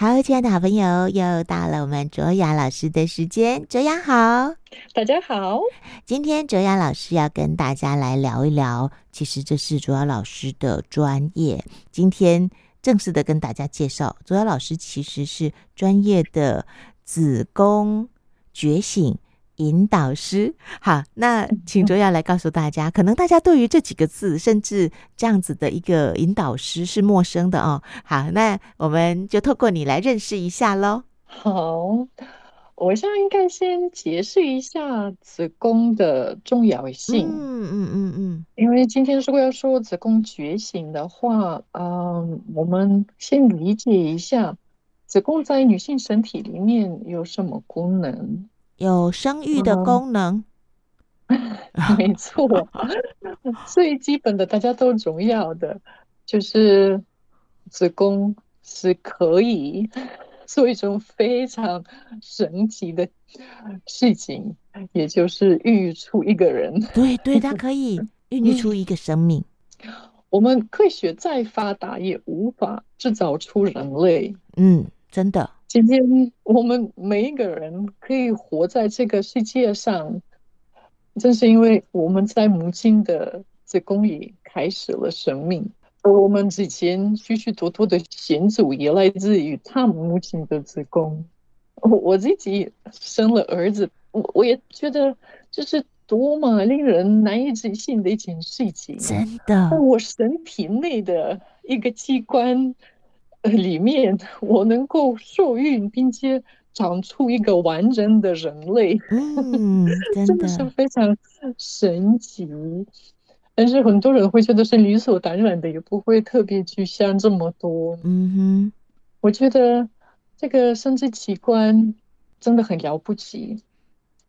好，親愛的好朋友，又到了我們卓雅老師的時間。卓雅好，大家好。今天卓雅老師要跟大家來聊一聊，其實這是卓雅老師的專業。今天正式的跟大家介紹，卓雅老師其實是專業的子宮覺醒引導師，好，那請卓雅來告訴大家，嗯、可能大家對於這幾個字，甚至這樣子的一個引導師是陌生的哦。好，那我們就透過你來認識一下咯。好，我現在應該先解釋一下子宮的重要性。嗯嗯嗯嗯，嗯嗯因為今天如果要說子宮覺醒的話，嗯，我們先理解一下子宮在女性身體裡面有什麼功能。有生育的功能，嗯、沒錯， 最基本的大家都重要的就是子宮是可以做一種非常神奇的事情，也就是孕育出一個人。對對，它可以孕育 出一個生命。嗯、我們科學再發達，也無法製造出人類。嗯，真的。今天我們每一個人可以活在這個世界上，正是因為我們在母親的子宮裡開始了生命，而我們之前許許多多的先祖也來自於他母親的子宮。我我自己生了兒子，我我也覺得這是多麼令人難以置信的一件事情。真的，我身體內的一個器官。裡面我能夠受孕，並且長出一個完整的人類， 真的是非常神奇。但是很多人會覺得是理所當然的，也不會特別去想這麼多。嗯哼，我覺得這個生殖器官真的很了不起。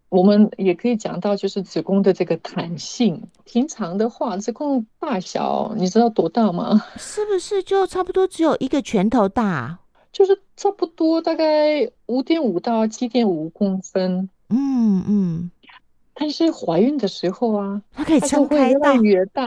我們也可以講到，就是子宮的這個彈性。平常的話，子宮大小，你知道多大嗎？是不是就差不多只有一個拳頭大？就是差不多，大概五點五到七點五公分。嗯嗯。嗯但是懷孕的時候啊，它可以撐開大，越，越大，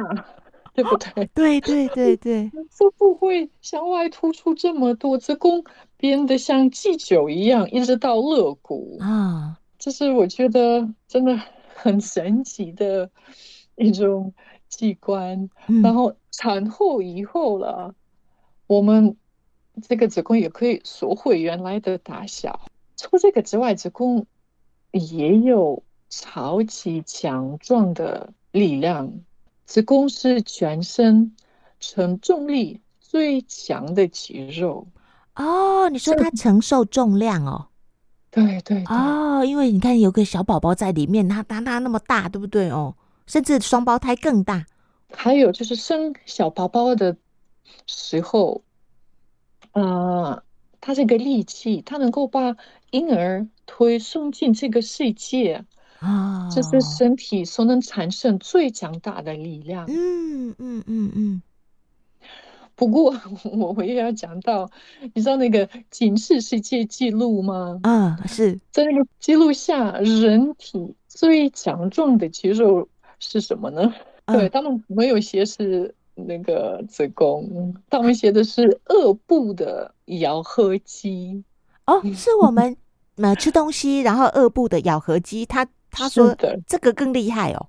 對不對？對對對對，腹部 會向外突出這麼多，子宮變得像雞酒一樣，一直到肋骨啊。就是我覺得真的很神奇的一種器官。嗯、然後產後以後了，我們這個子宮也可以縮回原來的大小。除這個之外，子宮也有超級強壯的力量。子宮是全身承重力最強的肌肉。哦，你說它承受重量哦。是哦對對，對哦，因為你看有個小寶寶在裡面，他他他那麼大，對不對哦？甚至雙胞胎更大。還有就是生小寶寶的時候，啊、呃，他這個力氣，他能夠把嬰兒推送進這個世界啊，哦、這是身體所能產生最強大的力量。嗯嗯嗯嗯。嗯嗯嗯不過我我又要講到，你知道那個金氏世、世界紀錄嗎？啊、嗯，是在那個記錄下人體最強壯的肌肉是什麼呢？嗯、對，他們沒有寫是那個子宮，他們寫的是顎部的咬合肌。哦，是我們呃吃東西， 然後顎部的咬合肌，他他說這個更厲害哦。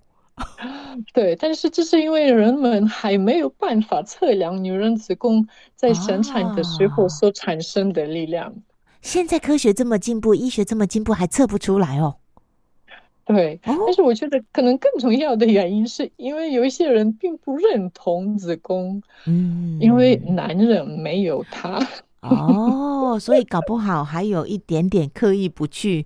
是的 對，但是這是因為人們還沒有辦法測量女人子宮在生產的時候所產生的力量。啊、現在科學這麼進步，醫學這麼進步，還測不出來哦。對，哦、但是我覺得可能更重要的原因是因為有一些人並不認同子宮，嗯，因為男人沒有它。哦， 所以搞不好還有一點點刻意不去。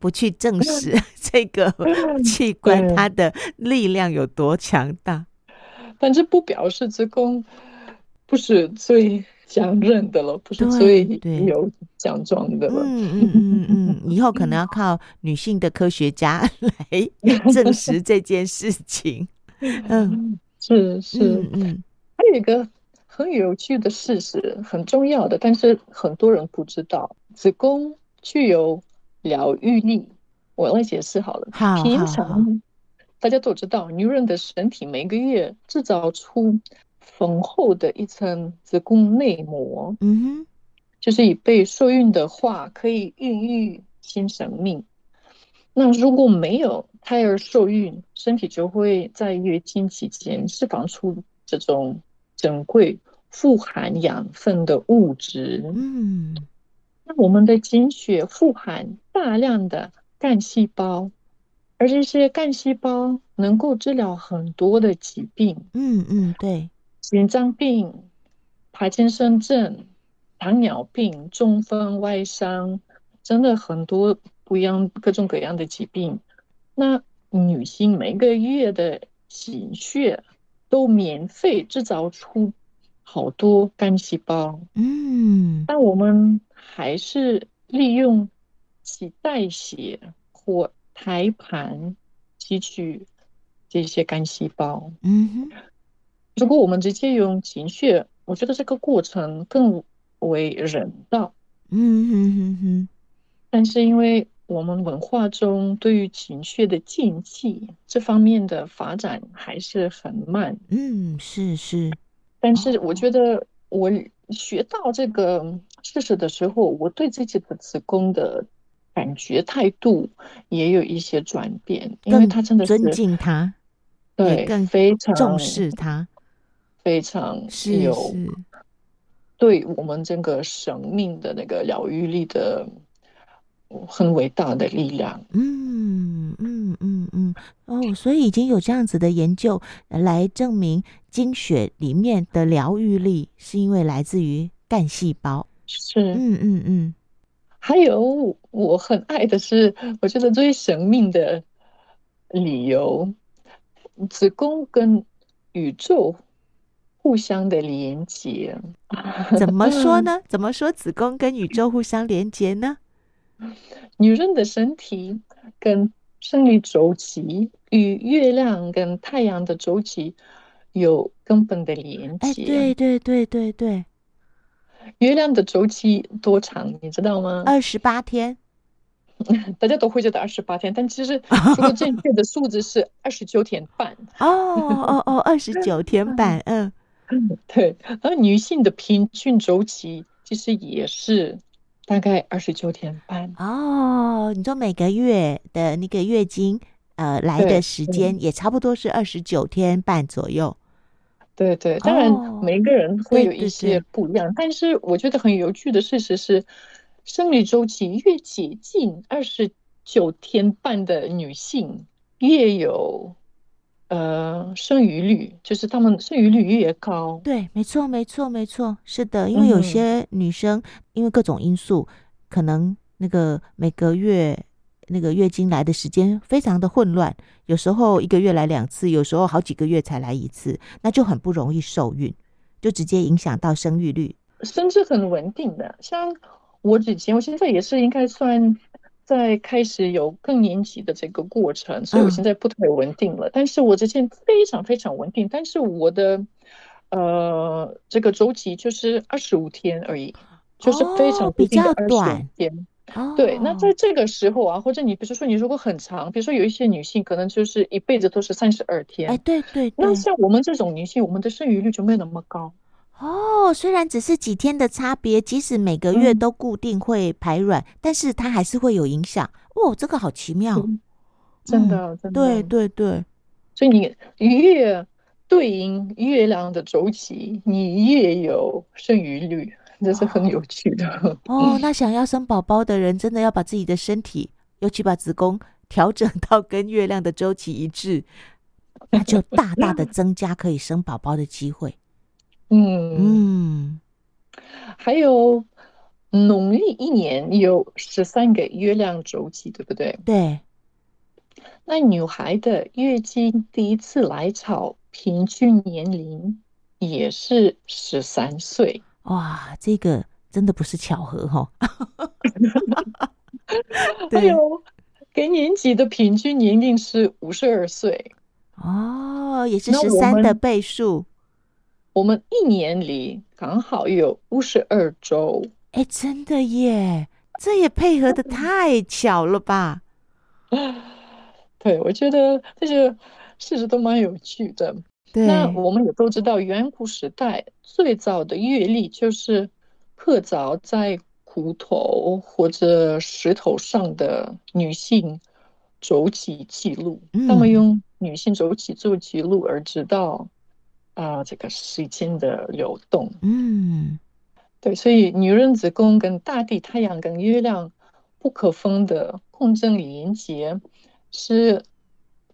不去證實這個器官它、嗯、的力量有多強大，反正不表示子宮不是最強韌的了，不是最有獎狀的了。嗯嗯嗯嗯，以後可能要靠女性的科學家來證實這件事情。嗯，是是嗯，還、嗯、有一個很有趣的事實，很重要的，但是很多人不知道，子宮具有。療癒力，我要來解釋好了。好，平常大家都知道，好女人的身體每個月製造出豐厚的一層子宮內膜，嗯哼就是以備受孕的話，可以孕育新生命。那如果沒有胎兒受孕，身體就會在月經期間釋放出這種珍貴、富含養分的物質，嗯。我們的經血富含大量的幹細胞，而這些幹細胞能夠治療很多的疾病。嗯嗯，對，心臟病、帕金森症、糖尿病、中風、外傷，真的很多不一樣各種各樣的疾病。那女性每個月的經血都免費制造出好多幹細胞。嗯，但我們。還是利用臍帶血或胎盤提取這些幹細胞。嗯哼，如果我們直接用經血，我覺得這個過程更為人道。嗯哼哼哼，但是因為我們文化中對於經血的禁忌，這方面的發展還是很慢。嗯，是是，但是我覺得我學到這個。試試的時候，我對自己的子宮的感覺態度也有一些轉變，因為他真的是尊敬他，對也更非常重視他，非常是有對我們整個生命的那個療癒力的很偉大的力量。嗯嗯嗯嗯，哦，所以已經有這樣子的研究來證明經血裡面的療癒力是因為來自於幹細胞。是，嗯嗯嗯，嗯嗯，還有我很愛的是，我覺得最神秘的理由，子宮跟宇宙互相的連接， 怎麼說呢？怎麼說子宮跟宇宙互相連接呢？嗯。女人的身體跟生理周期與月亮跟太陽的周期有根本的連接，欸，對對對對對。月亮的周期多長，你知道嗎？二十八天，大家都會覺得二十八天，但其實這個正確的數字是二十九天半。哦哦哦，二十九天半， 嗯，嗯，對。而女性的平均周期其實也是大概二十九天半。哦，oh, 你說每個月的那個月經，呃，對來的時間也差不多是二十九天半左右。對對，當然每個人會有一些不一樣，哦、對對對，但是我覺得很有趣的事實是，生理周期越接近二十九天半的女性，越有呃生育率，就是她們生育率越高。對，沒錯，沒錯，沒錯，是的，因為有些女生、嗯、因為各種因素，可能那個每個月。那個月經來的時間非常的混亂，有時候一個月來兩次，有時候好幾個月才來一次，那就很不容易受孕，就直接影響到生育率。甚至很穩定的，像我以前，我現在也是應該算在開始有更年期的這個過程，所以我現在不太穩定了。嗯。但是我之前非常非常穩定，但是我的呃這個周期就是二十五天而已，就是非常、哦、比較短。Oh. 對，那在這個時候啊，或者你比如說，你如果很長，比如說有一些女性可能就是一輩子都是三十二天，哎，欸、對，對對。那像我們這種女性，我們的生育率就沒有那麼高。哦，oh, 雖然只是幾天的差別，即使每個月都固定會排卵，嗯、但是它還是會有影響。哦、oh，這個好奇妙，嗯、真的，真的、嗯，對對對。所以你越對應月亮的週期，你越有生育率。這是很有趣的哦， 哦。那想要生寶寶的人，真的要把自己的身體， 尤其把子宮調整到跟月亮的周期一致，那就大大的增加可以生寶寶的機會。嗯嗯，嗯還有農曆一年有十三個月亮周期，對不對？對。那女孩的月經第一次來潮平均年齡也是十三歲。哇，這個真的不是巧合哈！還有，給年紀的平均年齡是52歲哦，也是十三的倍數。我們一年裡剛好有52周。哎、欸，真的耶，這也配合的太巧了吧？ 對，我覺得這些事實都蠻有趣的。那我們也都知道，遠古時代最早的月曆就是刻鑿在骨頭或者石頭上的女性週期記錄。他們用女性週期做記錄而知道啊，這個時間的流動。嗯，對，所以女人子宮跟大地、太陽跟月亮不可分的共振連結，是。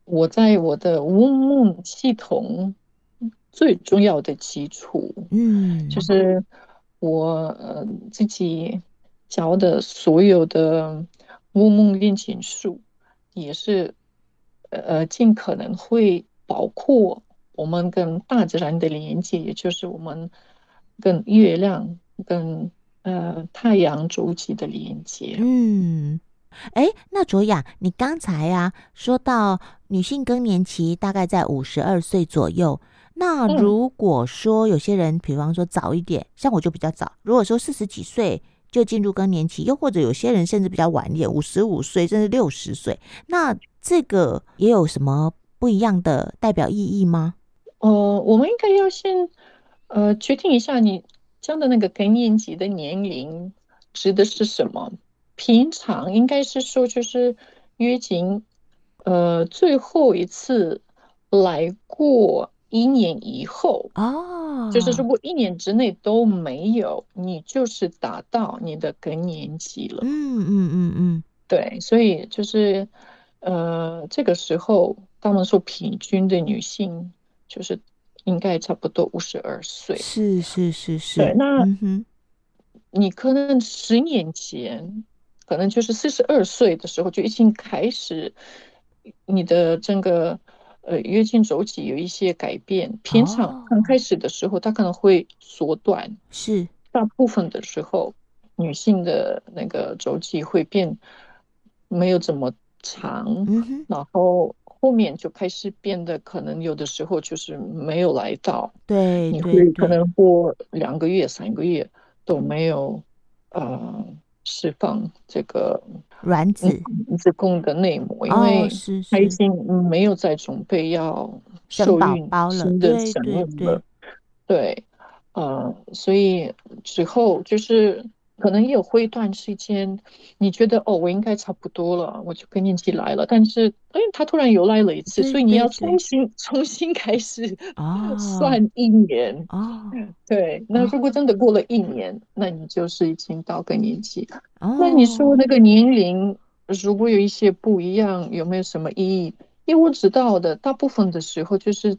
我在我的烏夢系統最重要的基礎，嗯，就是我自己教的所有的烏夢練琴術，也是呃盡可能會包括我們跟大自然的連接，也就是我們跟月亮、跟呃太陽週期的連接，嗯。哎，那卓雅，你剛才呀、啊、說到女性更年期大概在五十二歲左右。那如果說有些人，比方說早一點，像我就比較早，如果說四十幾歲就進入更年期，又或者有些人甚至比較晚一點，五十五歲甚至六十歲，那這個也有什麼不一樣的代表意義嗎？呃，我們應該要先呃確定一下你講的那個更年期的年齡指的是什麼。平常應該是說，就是月經，呃，最後一次來過一年以後啊，就是如果一年之內都沒有，你就是達到你的更年期了。嗯嗯嗯嗯，嗯嗯嗯對，所以就是，呃，這個時候，他們說平均的女性就是應該差不多五十二歲。是是是是，是對，那，嗯、哼你可能十年前。可能就是四十二歲的時候就已經開始，你的整個呃月經周期有一些改變，平常剛開始的時候，它可能會縮短，是、oh. 大部分的時候，女性的那個周期會變沒有這麼長，mm hmm. 然後後面就開始變得可能有的時候就是沒有來到，對,對,對，你會可能過兩個月、三個月都沒有，呃釋放這個卵子，子宮的內膜，哦、是是因為他已經沒有在準備要受孕新的生命了。對，呃，所以之後就是。可能也有一段時間，你覺得哦，我應該差不多了，我就更年期來了。但是哎，他突然又來了一次，所以你要重新重新開始啊，算一年啊。對，啊、那如果真的過了一年，啊、那你就是已經到更年期。啊、那你說那個年齡如果有一些不一樣，有沒有什麼意義？因為我知道的大部分的時候就是。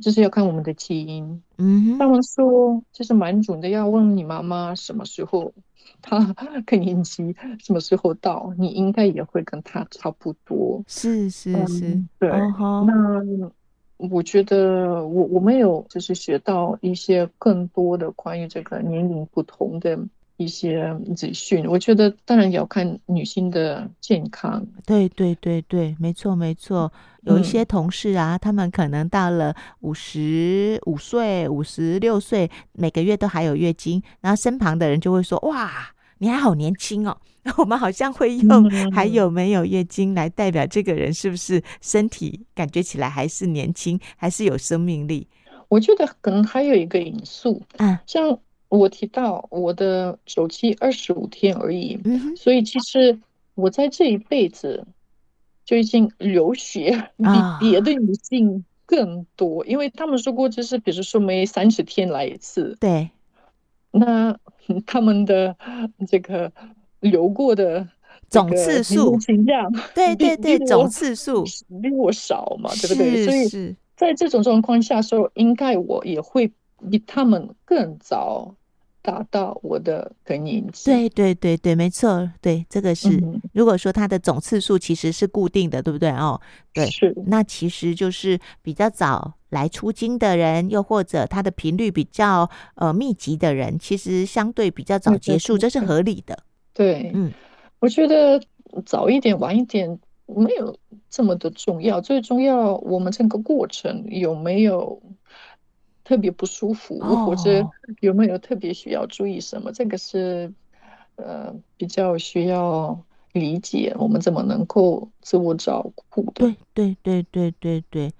就是要看我們的基因。嗯哼，他們說就是蠻準的，要問你媽媽什麼時候她更年期什麼時候到，你應該也會跟她差不多。是是是，對。那我覺得我我沒有就是學到一些更多的關於這個年齡不同的。一些資訊，我覺得當然要看女性的健康。對對對對，沒錯沒錯。有一些同事啊，嗯、他們可能到了五十五歲、五十六歲，每個月都還有月經，然後身旁的人就會說：“哇，你還好年輕哦。 ”我們好像會用“還有沒有月經”來代表這個人是不是身體感覺起來還是年輕，還是有生命力。我覺得可能還有一個因素，啊、嗯，像。我提到我的周期二十五天而已，嗯、哼所以其實我在這一輩子，就已經流血，比別的女性更多，啊、因為她們說過就是比如說每三十天來一次，對，那他們的這個流過的總次數對對對我總次數比我少嘛，對不對？是是所以在這種狀況下時候，應該我也會比他們更早。達到我的更年期，對對對對，沒錯，對這個是，嗯、如果說它的總次數其實是固定的，對不對？哦，對，是。那其實就是比較早來初經的人，又或者他的頻率比較呃密集的人，其實相對比較早結束，這是合理的。對，嗯，我覺得早一點晚一點沒有這麼的重要，最重要我們整個過程有沒有？特別不舒服，或者有沒有特別需要注意什麼？Oh. 這個是，呃，比較需要理解，我們怎麼能夠自我照顧的？對，對，對，對，對，對，對，對，對，對，對。